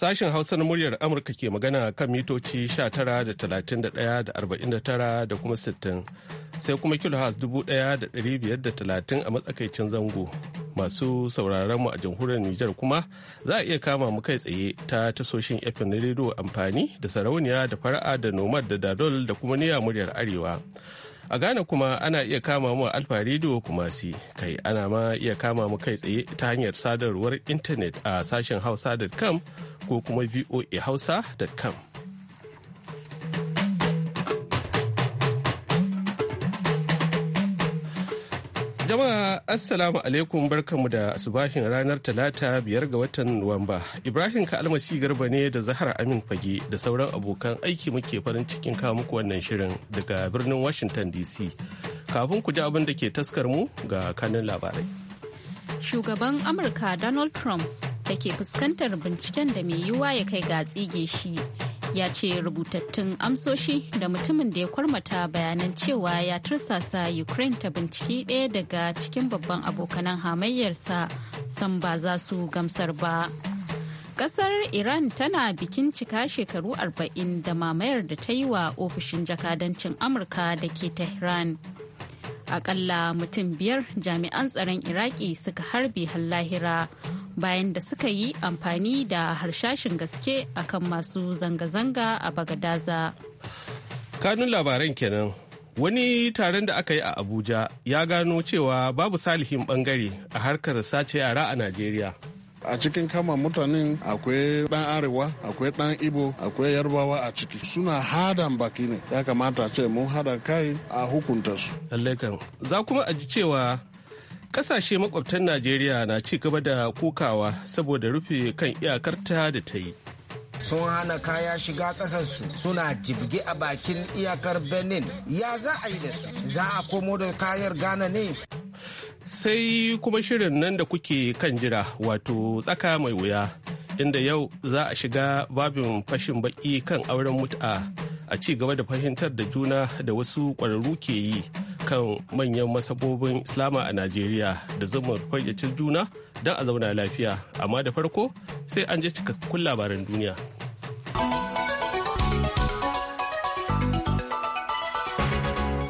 Sashen Hausa na muryar Amurka ke magana kan mitoci 19 da 31 da kuma 60 sai kuma kilohas 1530 a matsakaicin zango. Masu sauraron mu a jamhuriyar Nijar kuma za a iya kama mu kai tsaye ta tasoshin FM na rediyo amfani da sarauniya da fara'a da nomad da dadol da kuma niya muryar Arewa. A Ghana kuma ana iya kama mu a Alfa Radio Kumasi, kai ana ma iya kama mu kai tsaye ta hanyar sadarwar intanet a sashen hausa.com ko kuma voahausa.com. Jama'a Assalamu alaikum barkanmu da asubahin ranar Talata biyar ga watan Nuwamba. Ibrahim Kalmasi Garba ne da Zahra Amin Fage da sauran abokan aiki muke farin cikin kawo muku wannan shirin daga birnin Washington DC. Kafin ku ji abin da ke taskar mu ga kanin labarai. Shugaban Amurka Donald Trump da ke fuskantar binciken da mai yiwuwa ya kai ga tsige shi. ya ce rubutattun amsoshi da mutumin da ya kwarmata bayanan cewa ya tursasa ukraine ta binciki ɗaya daga cikin babban abokanan hamayyarsa san ba za su gamsar ba kasar iran tana bikin cika shekaru 40 da mamayar da ta yi wa ofishin jakadancin amurka da ke tehran akalla mutum biyar jami'an tsaron iraki suka harbi hallahira bayan da suka yi amfani da harshashin gaske akan masu zanga-zanga a bagadaza kanun labaran kenan wani taron da aka yi a abuja ya gano cewa babu salihin bangare a harkar sace yara a najeriya a cikin kama mutanen akwai dan arewa akwai dan ibo akwai yarbawa a ciki suna hadan baki ne ya kamata ce mun hada kai a hukunta su za kuma a ji cewa Ƙasashe makwabtan Najeriya na ci gaba da kokawa saboda rufe kan iyakarta da ta yi. sun hana kaya shiga ƙasarsu suna jibge a bakin iyakar benin ya za a yi da su za a komo da kayar ghana ne sai kuma shirin nan da kuke kan jira wato tsaka mai wuya inda yau za a shiga babin fashin baki kan auren mutu'a. a ci gaba da fahimtar da juna da wasu ƙwararru ke yi kan manyan masabobin islama a najeriya da zama fayyacin juna don a zauna lafiya amma da farko sai an je cikakkun labaran duniya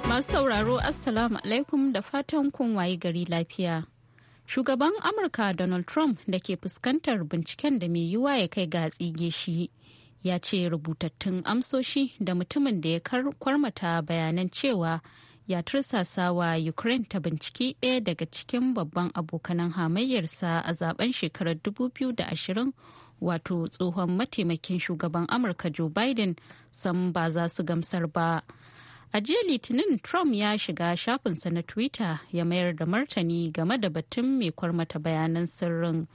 masu sauraro assalamu alaikum da fatan kun waye gari lafiya shugaban amurka donald trump da ke fuskantar binciken da mai yiwa ya kai gatsi tsige ya ce rubutattun amsoshi da mutumin da ya kwarmata bayanan cewa ya tursasa wa ukraine ta binciki ɗaya daga cikin babban abokanan hamayyarsa a zaben shekarar 2020 wato tsohon mataimakin shugaban amurka joe biden san ba za su gamsar ba a jiya litinin trump ya shiga shafinsa na twitter ya mayar da martani game da batun mai kwarmata bayanan sirrin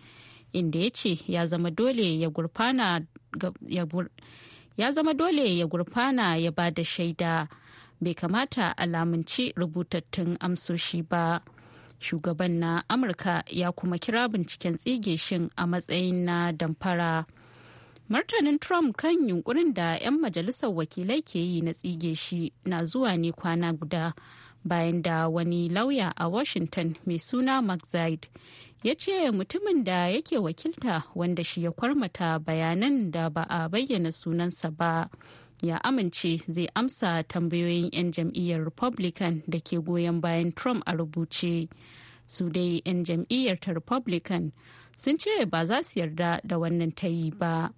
inda ya ce ya zama dole ya gurfana ya ba da shaida bai kamata alamunci rubutattun amsoshi ba shugaban na amurka ya kuma kira binciken tsige shin a matsayin na damfara martanin trump kan yunkurin da 'yan majalisar wakilai ke yi na tsige shi na zuwa ne kwana guda bayan da wani lauya a washington mai suna mczaid ya ce mutumin da yake wakilta wanda shi ya kwarmata bayanan da ba a bayyana sunansa ba ya amince zai amsa tambayoyin 'yan jam'iyyar republican da ke goyon bayan trump a rubuce su dai 'yan jam'iyyar ta republican sun ce ba za su yarda da wannan ta yi ba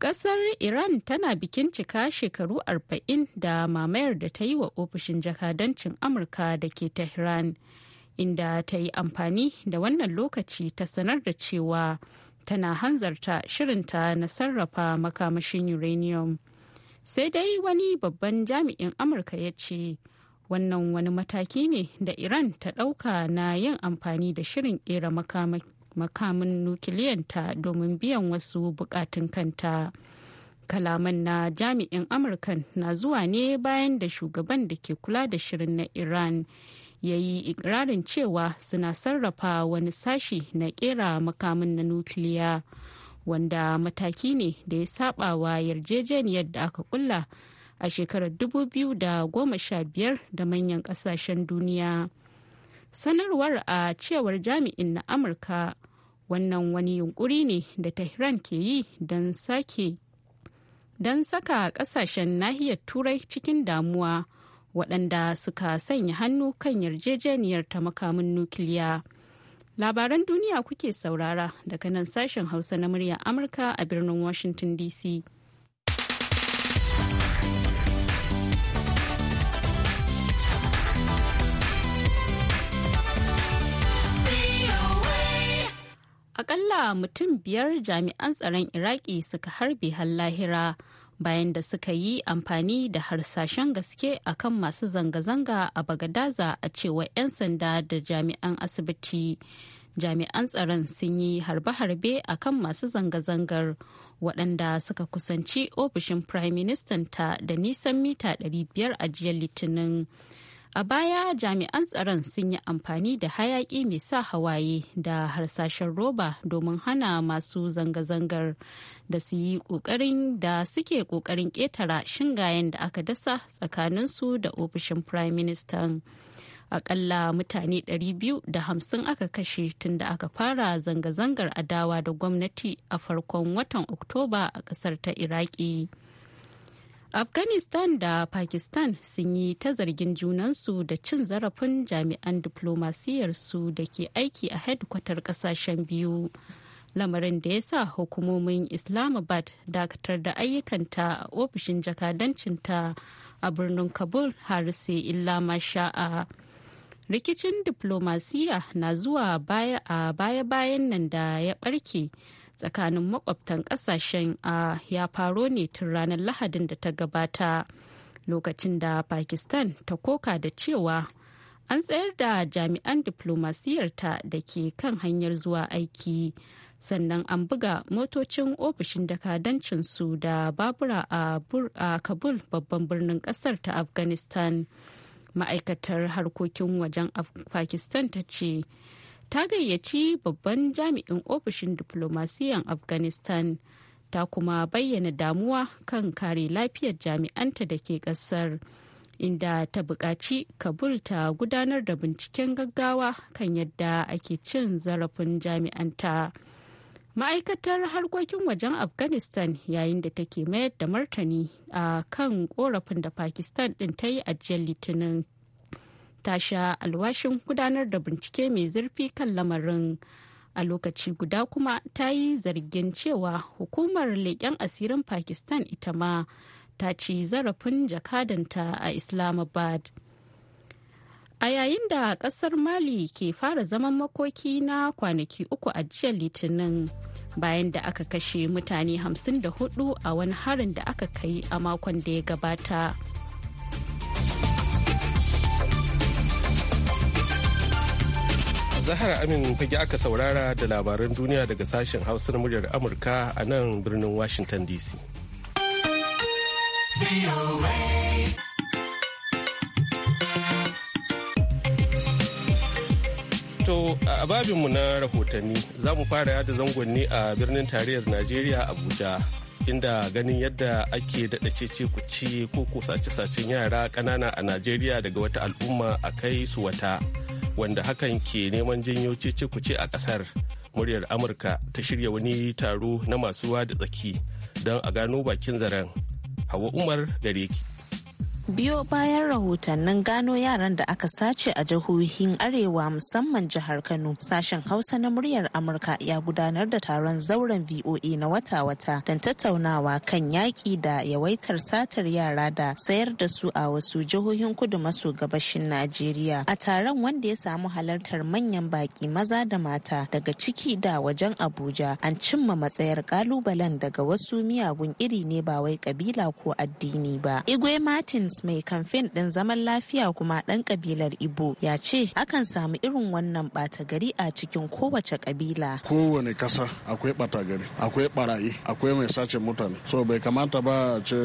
Ƙasar Iran tana bikin cika shekaru 40 da mamayar da ta yi wa ofishin jakadancin Amurka da ke Tehran, inda ta yi amfani da wannan lokaci ta sanar da cewa tana hanzarta shirinta na sarrafa makamashin uranium. Sai dai wani babban jami'in Amurka ya ce, wannan wani mataki ne da Iran ta ɗauka na yin amfani da shirin ƙera makamashin makamin nukiliyanta domin biyan wasu bukatun kanta kalaman na jami'in amurkan na zuwa ne bayan da shugaban da ke kula da shirin na iran ya yi ikirarin cewa suna sarrafa wani sashi na kera makamin na nukiliya wanda mataki ne da ya saba wa yarjejeniyar da aka kulla a shekarar 2015 da manyan kasashen duniya sanarwar a cewar jami'in na amurka wannan wani yunkuri ne da tehran ke yi don sake don saka kasashen nahiyar turai cikin damuwa waɗanda suka sanya hannu kan yarjejeniyar ta makamin nukiliya labaran duniya kuke saurara daga nan sashen hausa na murya amurka a birnin washington dc Akalla mutum biyar jami'an tsaron Iraki suka harbe har lahira bayan da suka yi amfani da harsashen gaske akan masu zanga-zanga a Bagadaza a cewa 'yan sanda da jami'an asibiti. Jami'an tsaron sun yi harbe-harbe akan masu zanga-zangar waɗanda suka kusanci ofishin Prime ministan ta da nisan mita 500 a jiya Litinin. A baya jami'an tsaron sun yi amfani da hayaƙi mai sa hawaye da harsashen roba domin hana masu zanga-zangar da su yi kokarin da suke ƙoƙarin ƙetara shingayen da aka dasa tsakaninsu da ofishin Prime Minister. Akalla mutane 250 aka kashe tun da aka fara zanga-zangar adawa da gwamnati a farkon watan Oktoba a ƙasar ta Iraki. afghanistan da pakistan sun yi ta zargin junansu da cin zarafin jami'an diplomasiyarsu da ke aiki a hedkwatar kasashen biyu lamarin da ya sa hukumomin islamabad dakatar da ayyukanta a ofishin jakadancinta a birnin kabul har sai illa masha'a rikicin diplomasiya na zuwa a baya-bayan nan da ya barke tsakanin makwabtan kasashen a ya faro ne tun ranar lahadin da ta gabata lokacin da pakistan ta koka da cewa an tsayar da jami'an diplomasiyarta da ke kan hanyar zuwa aiki sannan an buga motocin ofishin dakadancinsu da babura a kabul babban birnin kasar ta afghanistan ma'aikatar harkokin wajen pakistan ta ce ta gayyaci babban jami'in ofishin diflomasiyan afghanistan ta kuma bayyana damuwa kan kare lafiyar jami'anta da ke ƙasar inda ta bukaci kabul ta gudanar da binciken gaggawa kan yadda ake cin zarafin jami'anta ma'aikatar harkokin wajen afghanistan yayin da take mayar da martani a kan korafin da pakistan ɗin ta yi a jiya litinin ta sha alwashin gudanar da bincike mai zurfi kan lamarin a lokaci guda kuma ta yi zargin cewa hukumar leƙen asirin pakistan ita ma ta ci zarafin jakadanta a islamabad a yayin da kasar mali ke fara zaman makoki na kwanaki uku a jiya litinin bayan da aka kashe mutane 54 a wani harin da aka kai a makon da ya gabata. Zahara Amin fage aka saurara da labaran duniya daga sashen Hausa muryar Amurka a nan birnin Washington DC. To a babinmu na rahotanni za mu fara yada zangonni a birnin tarayyar Najeriya Abuja. inda ganin yadda ake daɗa cece ku ko ko sace-sacen yara ƙanana a najeriya daga wata al'umma a kai su wata wanda hakan ke neman janyo cece-kuce a ƙasar muryar amurka ta shirya wani taro na masu ruwa da tsaki don a gano bakin zaren hawa umar gare ki biyo bayan rahotannin gano yaran da aka sace a jihohin arewa musamman jihar kano sashen hausa na muryar amurka ya gudanar da taron zauren voa na wata-wata don tattaunawa kan yaƙi da yawaitar satar yara da sayar da su a wasu jihohin kudu maso gabashin najeriya a taron wanda ya samu halartar manyan baƙi maza da mata daga ciki da wajen abuja an cimma matsayar kalubalen daga wasu miyagun iri ne ba wai ƙabila ko addini ba igwe martins mai kamfen ɗin zaman lafiya kuma ɗan kabilar Ibo ya ce akan samu irin wannan ɓata gari a cikin kowace kabila. Kowane kasa akwai ɓata gari, akwai barayi, akwai mai sace mutane. So bai kamata ba a ce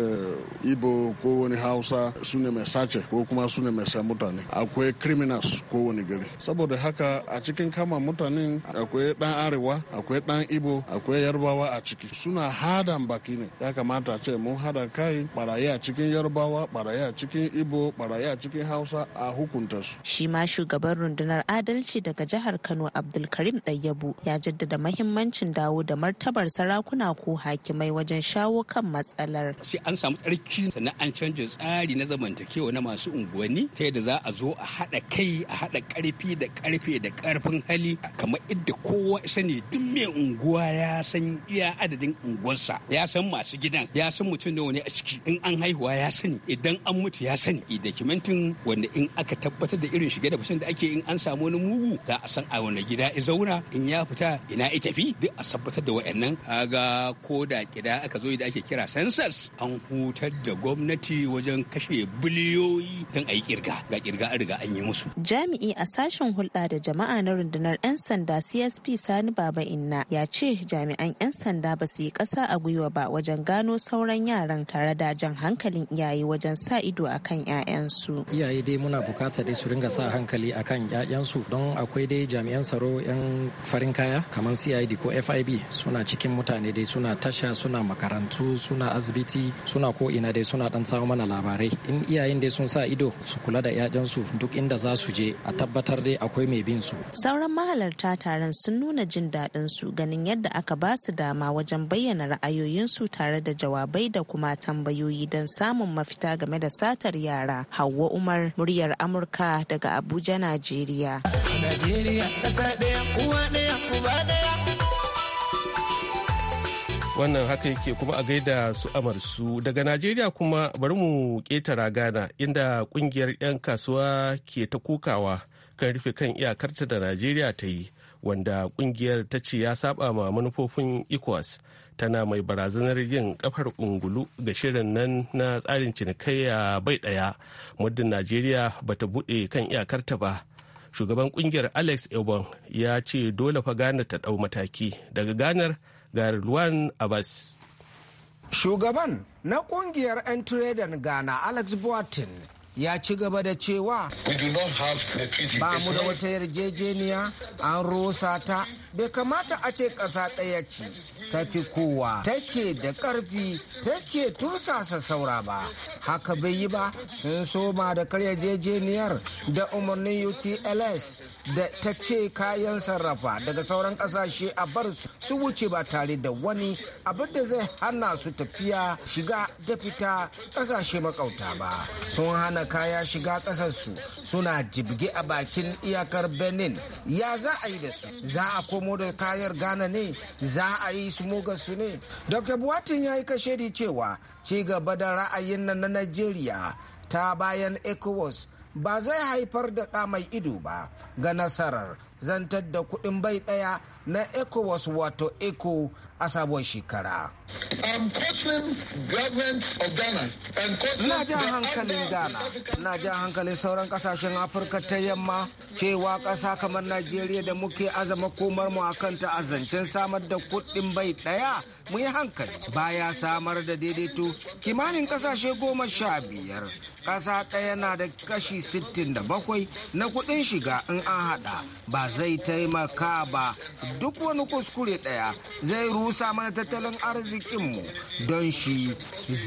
Ibo ko wani Hausa su ne mai sace ko kuma su ne mai sa mutane. Akwai criminals kowane gari. Saboda haka a cikin kama mutanen akwai ɗan arewa, akwai ɗan Ibo, akwai yarbawa a ciki. Suna hadan baki ne. Ya kamata a ce mun hada kai barayi a cikin yarbawa, barayi ya cikin ibo baraya a cikin hausa a hukunta su shi ma shugaban rundunar adalci daga jihar kano abdulkarim ɗayyabu ya jaddada mahimmancin dawo da martabar sarakuna ko hakimai wajen shawo kan matsalar shi an samu tsarki sannan an canja tsari na zamantakewa na masu unguwanni ta yadda za a zo a haɗa kai a haɗa ƙarfi da ƙarfe da ƙarfin hali kamar idda kowa sani duk mai unguwa ya san iya adadin unguwarsa ya san masu gidan ya san mutum nawa ne a ciki in an haihuwa ya sani idan an mutu ya sani i dokumentin wanda in aka tabbatar da irin shige da fitan da ake in an samu wani mugu za a san a wani gida ya zauna in ya fita ina ya tafi duk a tabbatar da wayannan ga ko da gida aka zo da ake kira census an hutar da gwamnati wajen kashe biliyoyi don a yi kirga ga kirga an riga an yi musu jami'i a sashen hulɗa da jama'a na rundunar 'yan sanda csp sani baba inna ya ce jami'an 'yan sanda ba su yi kasa a gwiwa ba wajen gano sauran yaran tare da jan hankalin iyaye wajen sa sa ido a kan 'ya'yansu. Iyaye dai muna bukata dai su ringa sa hankali a kan 'ya'yansu don akwai dai jami'an tsaro 'yan farin kaya kamar CID ko FIB suna cikin mutane dai suna tasha suna makarantu suna asibiti suna ko ina dai suna dan samu mana labarai. In iyayen dai sun sa ido su kula da 'ya'yansu duk inda za su je a tabbatar dai akwai mai bin su. Sauran mahalarta taron sun nuna jin daɗin su ganin yadda aka ba su dama wajen bayyana ra'ayoyinsu tare da jawabai da kuma tambayoyi don samun mafita game da da satar yara Hauwa Umar muryar Amurka daga Abuja Najeriya. Wannan haka yake kuma a gaida su amarsu daga Najeriya kuma bari mu ƙetara ragana. inda kungiyar 'yan kasuwa ke ta kokawa kan rufe kan iyakarta da Najeriya ta yi wanda kungiyar ta ce ya saba ma manufofin ECOWAS. tana mai barazanar yin kafar ungulu ga shirin nan na tsarin cinikayya bai daya muddin najeriya ba ta buɗe kan iyakarta ba shugaban kungiyar alex ebon ya ce dole fa gana ta ɗau mataki daga ganar ga luwan abbas shugaban na kungiyar 'yan turedan ghana alex boatin ya ci gaba da cewa ba mu da wata yarjejeniya an rusa ta bai kamata a ce ƙasa ɗaya ce ta fi kowa take da ƙarfi take tursasa saura ba haka bai yi ba sun soma da karya jejeniyar da umarnin utls da ta ce kayan sarrafa daga sauran kasashe a bar su wuce ba tare da wani abin da zai hana su tafiya shiga da fita kasashe makauta ba sun hana kaya shiga kasarsu suna jibge a bakin iyakar benin ya za a yi da su za a komo da kayar ghana ne za a yi su su ne dr buwatin ya yi kashedi cewa ci gaba da ra'ayin nan najeriya ta bayan ecowas ba zai haifar da ɗa mai ido ba ga nasarar zantar da kuɗin bai ɗaya na ecowas wato eco a sabuwar shekara na jan hankalin ghana na jan hankalin sauran kasashen afirka ta yamma cewa ƙasa kamar najeriya da muke azama komar mu akan zancen samar da kuɗin bai ɗaya mu yi hankali baya samar da daidaito kimanin ƙasashe goma sha biyar ƙasa ɗaya na da kashi bakwai na kuɗin shiga in an haɗa ba zai taimaka ba duk wani kuskure ɗaya zai rusa mana tattalin arzikinmu don shi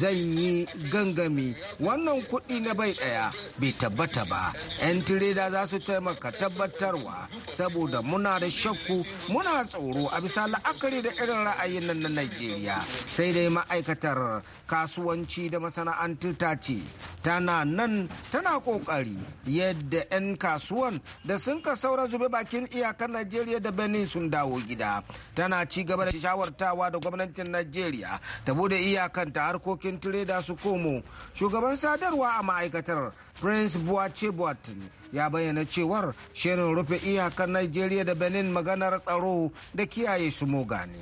zan yi gangami wannan kuɗi na bai ɗaya bai tabbata ba 'yan tireda za su taimaka tabbatarwa saboda muna da shakku muna tsoro a bisa la'akari da irin ra'ayin nan na najeriya sai dai ma'aikatar kasuwanci da masana'antu ta ce tana nan tana kokari yadda 'yan kasuwan da sun ka saura zube bakin iyakar najeriya da benin sun dawo gida tana ci gaba da shawartawa da gwamnatin najeriya ta bude iyakanta harkokin tireda su komo shugaban sadarwa a ma'aikatar prince buwa buatin ya bayyana cewar shirin rufe iyakar Najeriya da Benin maganar tsaro da kiyaye su mogane.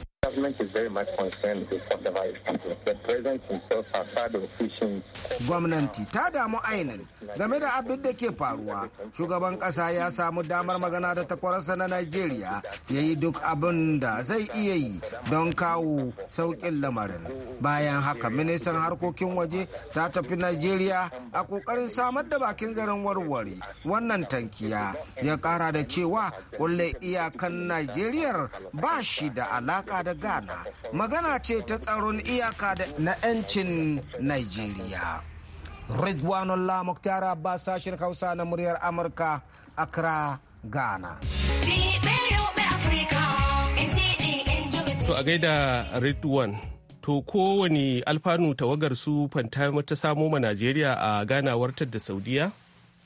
Gwamnati ta damu ainin game da abin da ke faruwa. Shugaban ƙasa ya samu damar magana da takwararsa na Najeriya ya yi duk abin da zai iya yi don kawo saukin lamarin. Bayan haka ministan harkokin waje ta tafi Najeriya a ƙoƙarin samar da bakin zaren warware. wannan tankiya ya kara da cewa kulle iyakan najeriya ba shi da alaka da ghana magana ce ta tsaron iyaka na 'yancin najeriya ridwanullah mukhtar abbas sashen hausa na muryar amurka accra ghana to a gaida ridwan to kowane alfanu tawagar su fanta ta samo ma najeriya a ganawartar da saudiya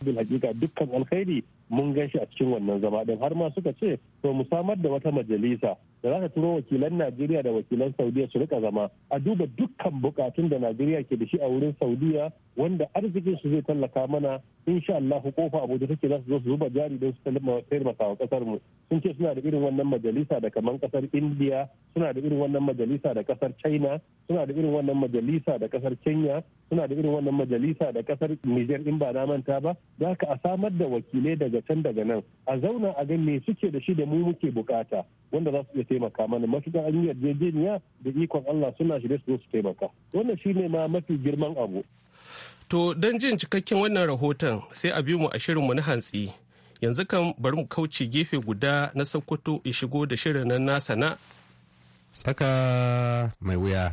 bil hakika dukkan alkhairi mun gan shi a cikin wannan zama din har ma suka ce to mu samar da wata majalisa da za ta turo wakilan Najeriya da wakilan Saudiya su rika zama a duba dukkan bukatun da Najeriya ke da shi a wurin Saudiya wanda arzikin su zai tallaka mana insha Allah kofa abuja take za su zo su zuba jari don su taimaka wa kasar mu sun ce suna da irin wannan majalisa da kamar kasar India suna da irin wannan majalisa da kasar China suna da irin wannan majalisa da kasar Kenya suna da irin wannan majalisa da kasar Niger in ba na manta ba za ka a samar da wakilai daga can daga nan a zauna a ga me suke da shi da mu muke bukata wanda za su iya taimaka mana mafita an yi yarjejeniya da ikon Allah suna shi su zo su taimaka wannan shine ma mafi girman abu To don jin cikakken wannan rahoton sai a bi mu a shirinmu na hantsi. Yanzu kan bari mu kauce gefe guda na Sokoto ya shigo da shirin nan nasa na. Saka mai wuya.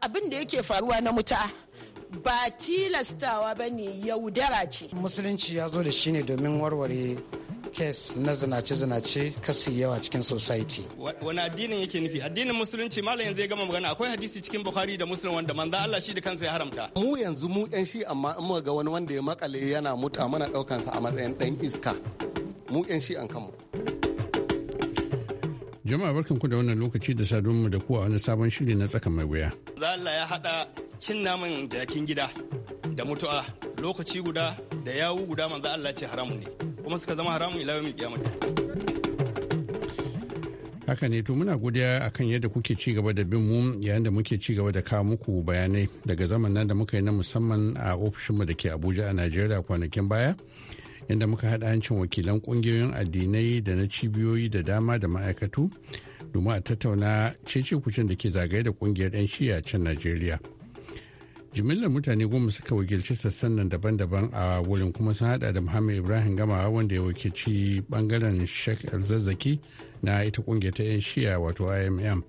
Abin da yake faruwa na muta ba tilastawa ba ne yaudara ce. Musulunci ya zo da shi ne domin warware kes na zinace-zinace kasi yawa cikin society. Wani addinin yake nufi? Addinin musulunci malam yanzu ya gama magana akwai hadisi cikin Bukhari da Muslim wanda manzo Allah shi da kansa ya haramta. Mu yanzu mu ɗan shi amma in muka ga wani wanda ya makale yana muta mana daukan sa a matsayin dan iska. Mu ɗan shi an kanmu. Jama'a barkanku da wannan lokaci da saduwar mu da kuwa wani sabon shiri na tsakan mai wuya. Allah ya hada cin naman jakin gida da mutu'a lokaci guda da yawu guda manzo Allah ce haramun ne. kuma suka zama haramun ila kiyama haka ne to muna godiya kan yadda kuke ci gaba da bin mu yayin da muke ci gaba da kawo muku bayanai daga zaman nan da muka yi na musamman a ofishinmu da ke abuja a najeriya kwanakin baya inda muka haɗa hancin wakilan ƙungiyoyin addinai da na cibiyoyi da dama da ma'aikatu domin a tattauna cece kucin da ke zagaye da ƙungiyar 'yan shiya can najeriya jimillar mutane goma suka wakilci sassan nan daban-daban a wurin kuma sun hada da muhammad ibrahim gamawa wanda ya wakilci bangaren sheikh zazzaki na ita kungiyar ta 'yan shiya wato imm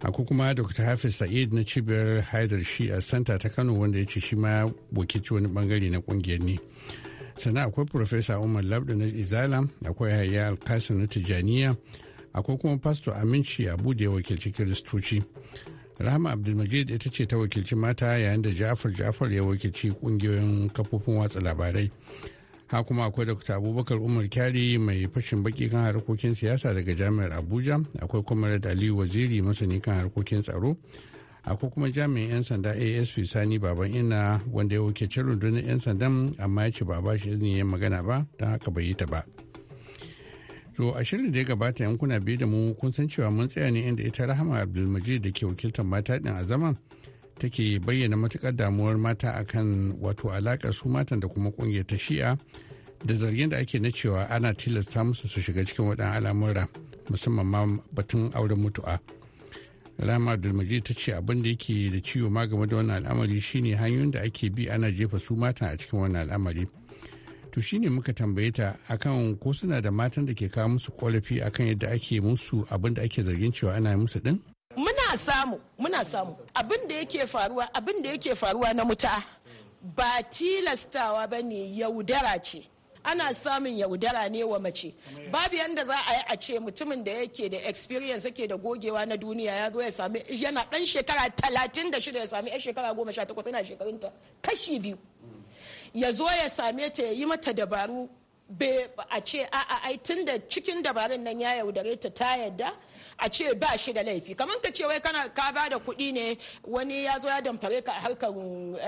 akwai kuma dr hafiz sa'id na cibiyar haidar shiya santa ta kano wanda ya ce shi ma wakilci wani bangare na kungiyar ne sannan akwai profesa umar labda na izala akwai hayya alkasim na tijaniya akwai kuma pastor aminci abu da ya wakilci kiristoci rahama abdulmajid ita ce ta wakilci mata yayin da jafar jafar ya wakilci kungiyoyin kafofin watsa labarai ha kuma akwai dr abubakar umar kyari mai fashin baki kan harkokin siyasa daga jami'ar abuja akwai kuma da aliyu waziri masani kan harkokin tsaro akwai kuma jami'in 'yan sanda asp sani baban ina wanda ya wakilci rundunar 'yan sandan amma ya ce ba ba shi izinin ya magana ba don haka bai yi ta ba To a shirin da ya gabata yankuna biyu da mu kun san cewa mun tsaya ne inda ita Rahama Abdulmajid da ke wakiltar mata ɗin a zaman take bayyana matukar damuwar mata akan wato alakar su matan da kuma kungiyar ta Shi'a da zargin da ake na cewa ana tilasta musu su shiga cikin waɗannan al'amura musamman ma batun auren mutu'a. Rahama Abdulmajid ta ce abin da yake da ciwo ma game da wannan al'amari shine hanyoyin da ake bi ana jefa su matan a cikin wannan al'amari. to shine muka tambaye ta akan ko suna da matan da ke kawo musu korafi akan yadda ake musu abin da ake zargin cewa ana musu din muna samu muna samu abin da yake faruwa abin da yake faruwa na muta ba tilastawa ba ne yaudara ce ana samun yaudara ne wa mace babu yanda za a yi a ce mutumin da yake da experience yake da gogewa na duniya ya zo ya sami yana dan shekara talatin da ya sami yan shekara goma yana shekarunta kashi biyu ya zo ya same ta ya yi mata dabaru be a ce a'a ai tun da cikin dabarun nan ya yaudare ta ta yadda a ce ba shi da laifi kamar ka ce wai kana ka ba da kuɗi ne wani ya zo ya damfare ka a harkar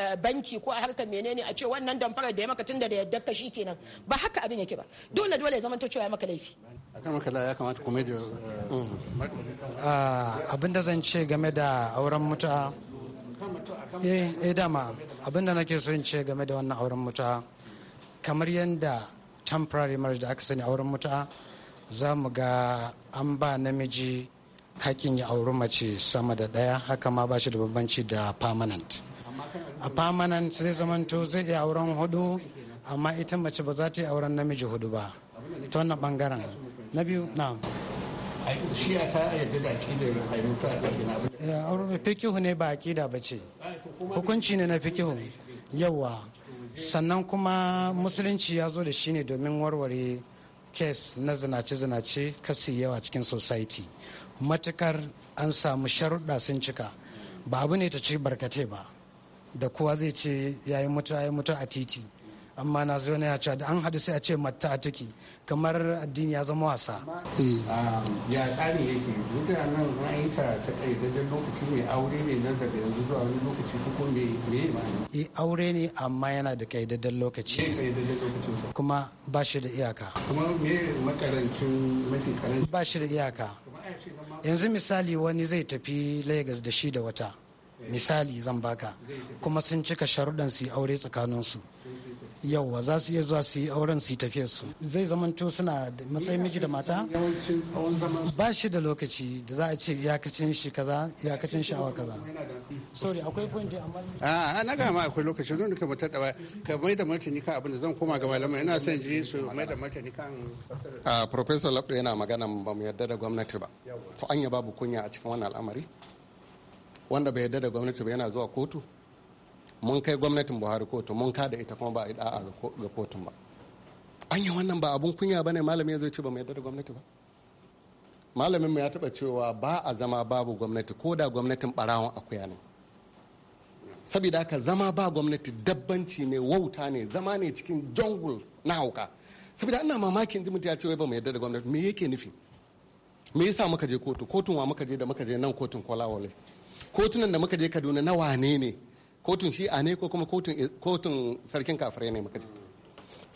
eh, banki ko a harkar menene a ce wannan damfarar da ya maka tun da da yadda ka shi kenan ba haka abin yake ba dole dole ya zamanta cewa ya maka laifi akan makala ya kamata kuma eh, mm. ah, abin da zan ce game da auren mutu'a Eh, eh dama abinda nake so in ce game da wannan auren mutu'a kamar yadda temporary marriage da aka sani auren mutu'a za mu ga an ba namiji hakin ya auri mace sama da ɗaya haka ma ba shi da bambanci da permanent a permanent zai zamanto zai iya auren hudu amma ita mace ba za ta yi auren namiji hudu ba ta wannan bangaren na biyu na shiya ta yadda da aƙidar haimuta a ɗaukin abin. Eh, auren fikihu ne ba aƙida ba ce. Hukunci ne na fikihu. Yawwa. Sannan kuma musulunci ya zo da shi ne domin warware kes na zinace-zinace kasi yawa cikin society. Matukar an samu sharuɗa sun cika. Ba abu ne ta ci barkatai ba. Da kowa zai ce yayi mutu yayi mutu a titi. amma na zo ya cewa da an haɗu sai a ce matta take kamar addini ya zama wasa. Eh. Um, ya tsari yake duka nan an ta ta ƙaidajen lokaci ne aure ne nan daga yanzu zuwa wani lokaci ko me me ma'ana. Eh, aure ne amma yana da ƙaidajen lokaci. kuma ba shi da iyaka. kuma me makarancin mafi karanci. ba shi da iyaka. yanzu misali wani zai tafi Legas da shi da wata. Eh. misali zan baka kuma sun cika sharuɗan su aure tsakaninsu. su yauwa za su iya zuwa su yi auren su yi tafiyar su zai zamanto suna matsayin miji da mata ba shi da lokaci da za a ce iyakacin shi kaza ya shi sha'awa kaza sorry akwai point amma a na ga ma akwai lokaci don ka mutar da ka mai da martani kan abin da zan koma ga malamai ina son ji su mai da martani kan a ah, professor labdo yana magana ba mu yarda da gwamnati ba to anya babu kunya a cikin wannan al'amari wanda bai yarda da gwamnati ba yana zuwa kotu mun kai gwamnatin buhari kotu mun kada ita kuma ba a da'a ga kotun ba an yi wannan ba abun kunya ba ne malami ya zo ce ba mu yarda da gwamnati ba malamin mu ya taba cewa ba a zama babu gwamnati ko da gwamnatin barawon akuya ne saboda haka zama ba gwamnati dabbanci ne wauta ne zama ne cikin jungle na hauka saboda ina mamakin ji mutum ya ce wai ba mu yarda da gwamnati me yake nufi me yasa muka je kotu kotun wa muka je da muka je nan kotun kwalawale kotunan da muka je kaduna na wane ne kotun shi'a ne ko kuma kotun sarkin kafirai ne muka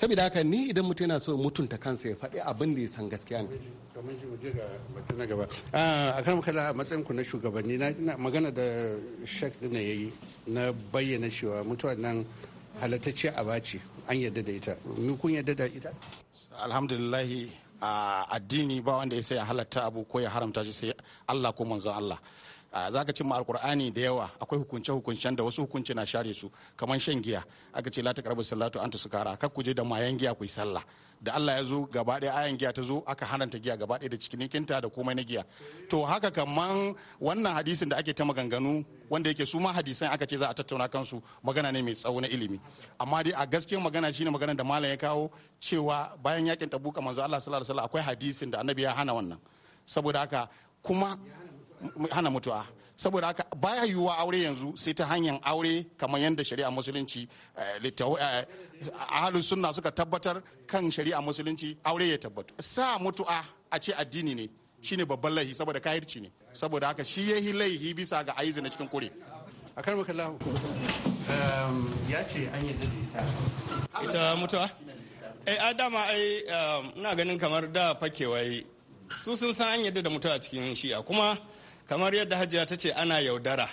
saboda haka ni idan mutum yana so mutunta kansa ya faɗi abin da ya san gaskiya ne a kan kala a matsayin ku na shugabanni na magana da shek na yayi na bayyana cewa mutuwar nan halattacce a baci an yadda da ita ni kun yadda da ita alhamdulillah a addini ba wanda ya sai ya halatta abu ko ya haramta shi sai Allah ko manzon Allah za ka cimma alkur'ani da yawa akwai hukunce hukuncen da wasu hukunci na share su kamar shan giya aka ce lati taqrabu salatu anta sukara kar ku je da mayan giya ku yi sallah da Allah ya zo gaba ɗaya ayan giya ta zo aka haranta giya gaba ɗaya da cikinikinta da komai na giya to haka kaman wannan hadisin da ake ta maganganu wanda yake su ma hadisan aka ce za a tattauna kansu magana ne mai tsawo na ilimi amma dai a gaskiyar magana shine magana da malam ya kawo cewa bayan yakin tabuka manzo Allah sallallahu alaihi wasallam akwai hadisin da annabi ya hana wannan saboda haka kuma hana mutuwa saboda haka baya yiwuwa aure yanzu sai ta hanyar aure kamar yadda shari'a musulunci eh, ahalus eh, sunna suka tabbatar kan shari'a musulunci aure ya tabbatu sa mutuwa a ce addini ne shine babban laihi saboda kayirci ne saboda haka shi yahi laihi bisa ga ayizi na cikin kure a um, ya ce an yi ita ita mutuwa eh, ai adama um, ai ina ganin kamar da fakewa su sun san an yadda da mutuwa cikin shi'a kuma kamar yadda hajiya ta ce ana yaudara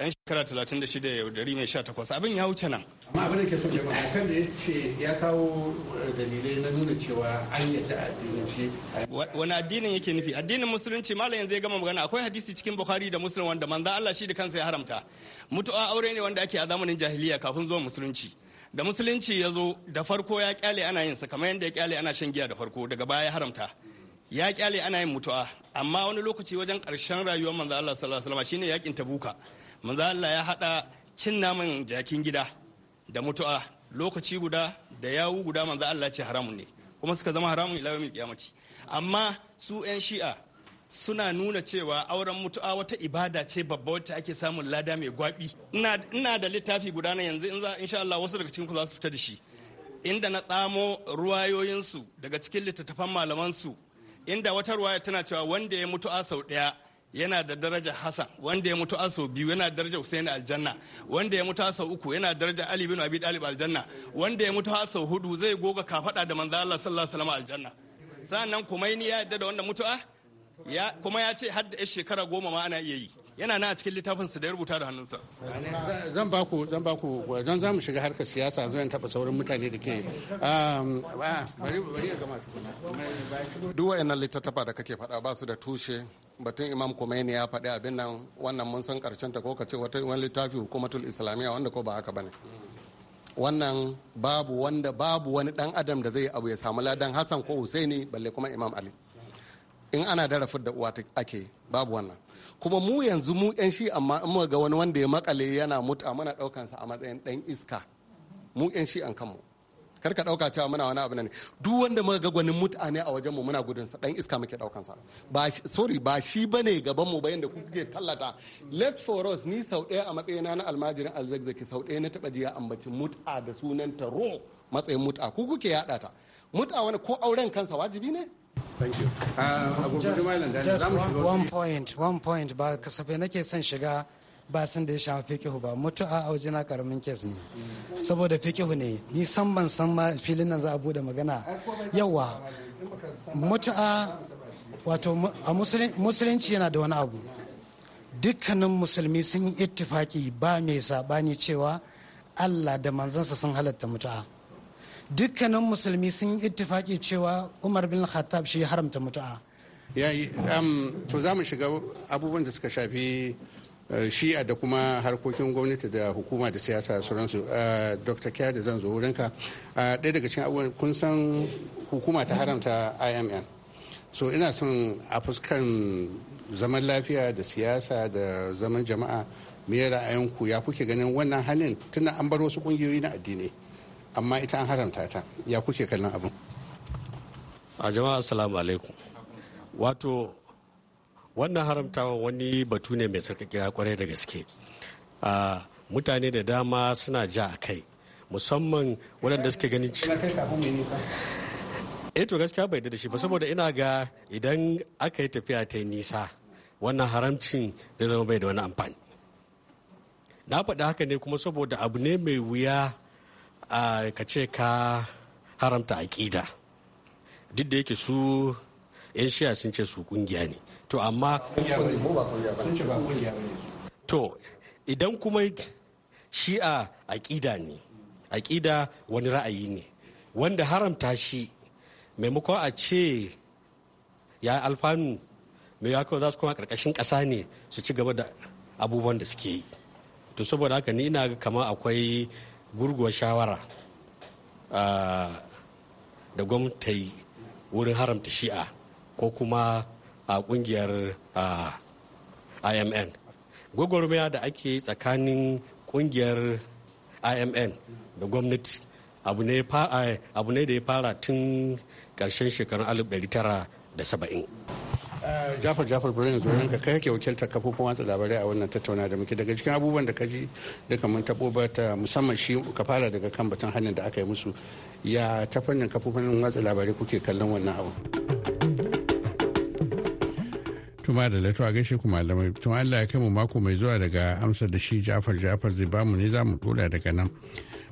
yan shekara 36 yaudari mai 18 abin ya wuce nan amma abin da ke son jama'a kan da ya ce ya kawo eh, dalilai na nuna cewa an yadda addinance wani addinin yake nufi addinin musulunci malam yanzu ya gama magana akwai hadisi cikin bukhari da muslim wanda manzo Allah shi da kansa ya haramta mutuwa aure ne wanda ake a zamanin jahiliya kafin zuwa musulunci da musulunci ya zo da farko ya kyale ana yin sa kamar yadda ya kyale ana shan giya da farko daga baya ya haramta ya kyale ana yin mutu'a amma wani lokaci wajen karshen rayuwar manzo Allah sallallahu alaihi wasallam shine yakin tabuka manzo Allah ya hada cin naman jakin gida da mutu'a lokaci guda da yawu guda manzo Allah ce haramun ne kuma suka zama haramun ila yawmil qiyamati amma su yan shi'a suna nuna cewa auren mutu'a wata ibada ce babba wacce ake samun lada mai gwabi ina da littafi guda na yanzu in za insha Allah wasu daga cikin ku za su fita da shi inda na tsamo ruwayoyinsu daga cikin littattafan su. inda wata ruwaya tana cewa wanda ya mutu a sau ɗaya yana da daraja Hassan wanda ya mutu sau biyu yana daraja Husain aljanna wanda ya mutu sau uku yana daraja Ali bin Abi dalib aljanna wanda ya mutu sau hudu zai goga kafada da manzo Allah sallallahu alaihi wasallam aljanna sannan kuma ya yadda da wanda a ya kuma ya ce har da shekara goma ma ana iya yi yana na a cikin littafin su da ya rubuta da hannunsa zan ba ku zan ba ku don za mu shiga harkar siyasa zan taba sauran mutane da ke bari bari gama tukuna duk wayannan littattafa da kake faɗa ba su da tushe batun imam Khomeini ya faɗi abin nan wannan mun san karshen ta ko ka ce wani littafi hukumatul islamiyya wanda ko ba haka bane wannan babu wanda babu wani dan adam da zai abu ya samu ladan hassan ko husaini balle kuma imam ali in ana darafin da uwa ake babu wannan kuma mu yanzu mu yan shi amma in ga wani wanda ya makale yana muta muna sa a matsayin dan iska mu yan shi an kanmu kar ka dauka cewa muna wani abu ne duk wanda muka ga gwanin mutane a wajen mu muna gudun sa dan iska muke daukan sa ba sorry ba shi bane gaban mu ba yanda kuke tallata left for us ni sau daya a matsayin na almajirin alzakzaki sau daya na taba jiya ambaci mut'a da sunanta ro matsayin mut'a ku kuke yada ta mut'a wani ko auren kansa wajibi ne Thank you. Uh, one, point, one point ba kasafai nake son shiga sun da ya shafi fikihu ba mutu'a a waje na karamin kes ne saboda fikihu ne ni san ban san ma filin nan za a bude magana yawa mutu'a wato a musulunci yana da wani abu dukkanin musulmi sun ittifaki ba mai sabani cewa allah da manzansa sun halatta mutu'a dukkanin musulmi sun yi ittifaki cewa umar bin khattab shi haramta mutu'a ya yi um, to za mu shiga abubuwan da suka shafi uh, shi'a da kuma harkokin gwamnati da hukuma da siyasa sauransu dr kya da zan zo wurinka uh, ɗaya daga cikin abubuwan kun san hukuma ta haramta imn so ina son a fuskan zaman lafiya da siyasa da zaman jama'a me ra'ayinku ya kuke ganin wannan halin tunda an bar wasu ƙungiyoyi na addini amma ita an haramta ta ya kuke kallon abin a jama'a assalamu alaikum wato wannan haramtawa wani batu ne mai kira kwarai da gaske mutane da dama suna ja a kai musamman waɗanda suke ganin eh to gaskiya bai da shi ba saboda ina ga idan aka yi tafiya ta nisa wannan haramcin zai zama bai da wani amfani na faɗi haka ne kuma saboda abu ne mai wuya ka ce ka haramta aƙida duk da yake su 'yan shiya sun ce su kungiya ne to amma to idan kuma shi'a aƙida ne aƙida wani ra'ayi ne wanda haramta shi maimakon a ce ya alfanu mai ya za su kuma ƙarƙashin ƙasa ne su ci gaba da abubuwan da suke yi to saboda haka ni ina kama akwai gurguwar shawara da gwamnati wurin haramta shi'a ko kuma a kungiyar imn gwagwarmaya da ake tsakanin kungiyar imn da gwamnati abu ne da ya fara tun karshen shekarun 1970 Jafar Jafar Birnin Zuwa ka kai ke wakiltar kafofin watsa labarai a wannan tattauna da muke daga cikin abubuwan da kaji duka mun tabo bata musamman shi ka fara daga kan batun hannun da aka yi musu ya ta fannin kafofin watsa labarai kuke kallon wannan abu. tuma da lato a gaishe kuma malamai tun Allah ya kai mu mako mai zuwa daga amsa da shi Jafar Jafar zai bamu ne za mu dora daga nan.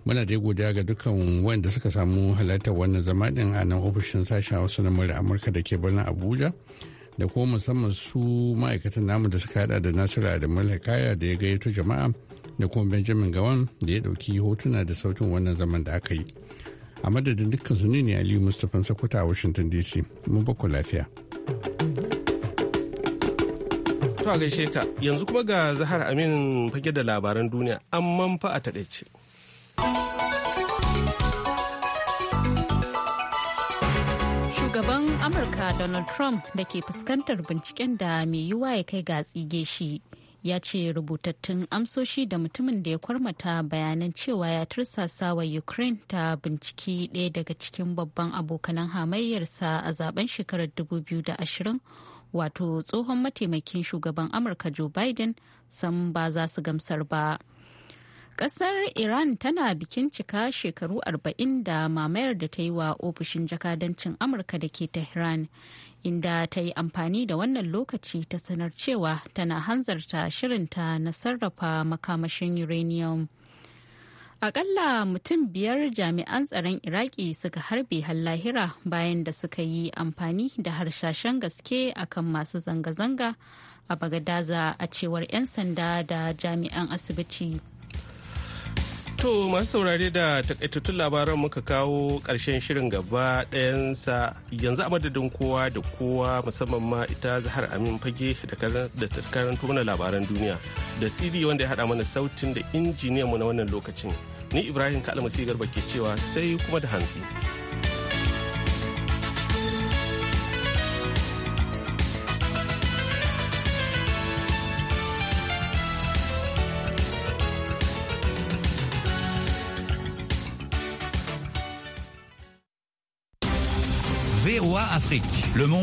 muna da godiya ga dukkan wanda suka samu halartar wannan zama din a nan ofishin sashen hausa na murya amurka da ke birnin abuja da kuma musamman su ma'aikatan namu da suka hada da nasira da malakaya da ya gayyato jama'a da kuma benjamin gawan da ya dauki hotuna da sautin wannan zaman da aka yi a madadin dukkan su ne aliyu mustapha sakuta a washington dc mun bako lafiya to a gaishe ka yanzu kuma ga zahar amin fage da labaran duniya an fa a taɗaice. Donald Trump da ke fuskantar binciken da mai yiwuwa ya kai ga tsige shi. Ya ce rubutattun amsoshi da mutumin da ya kwarmata bayanan cewa ya tursasa wa Ukraine ta binciki ɗaya daga cikin babban abokanan hamayyarsa a zaben shekarar 2020 wato tsohon mataimakin shugaban Amurka Joe Biden san ba za su gamsar ba. Kasar Iran tana bikin cika shekaru 40 da mamayar da ta yi wa ofishin jakadancin Amurka da ke Tehran, inda ta yi amfani da wannan lokaci ta sanar cewa tana hanzarta shirinta na sarrafa makamashin uranium. Akalla mutum biyar jami'an tsaron Iraki suka harbe lahira bayan da suka yi amfani da harshashen gaske akan masu zanga-zanga a Bagadaza a cewar 'yan sanda da jami'an asibiti. To masu saurare da takaitattun labaran muka kawo ƙarshen shirin gaba ɗayansa yanzu a madadin kowa da kowa musamman ma ita zahar amin fage da karanto mana labaran duniya da cd wanda ya haɗa mana sautin da injiniyanmu na wannan lokacin ni ibrahim kalmasi garba ke cewa sai kuma da hantsi. Afrique. Le monde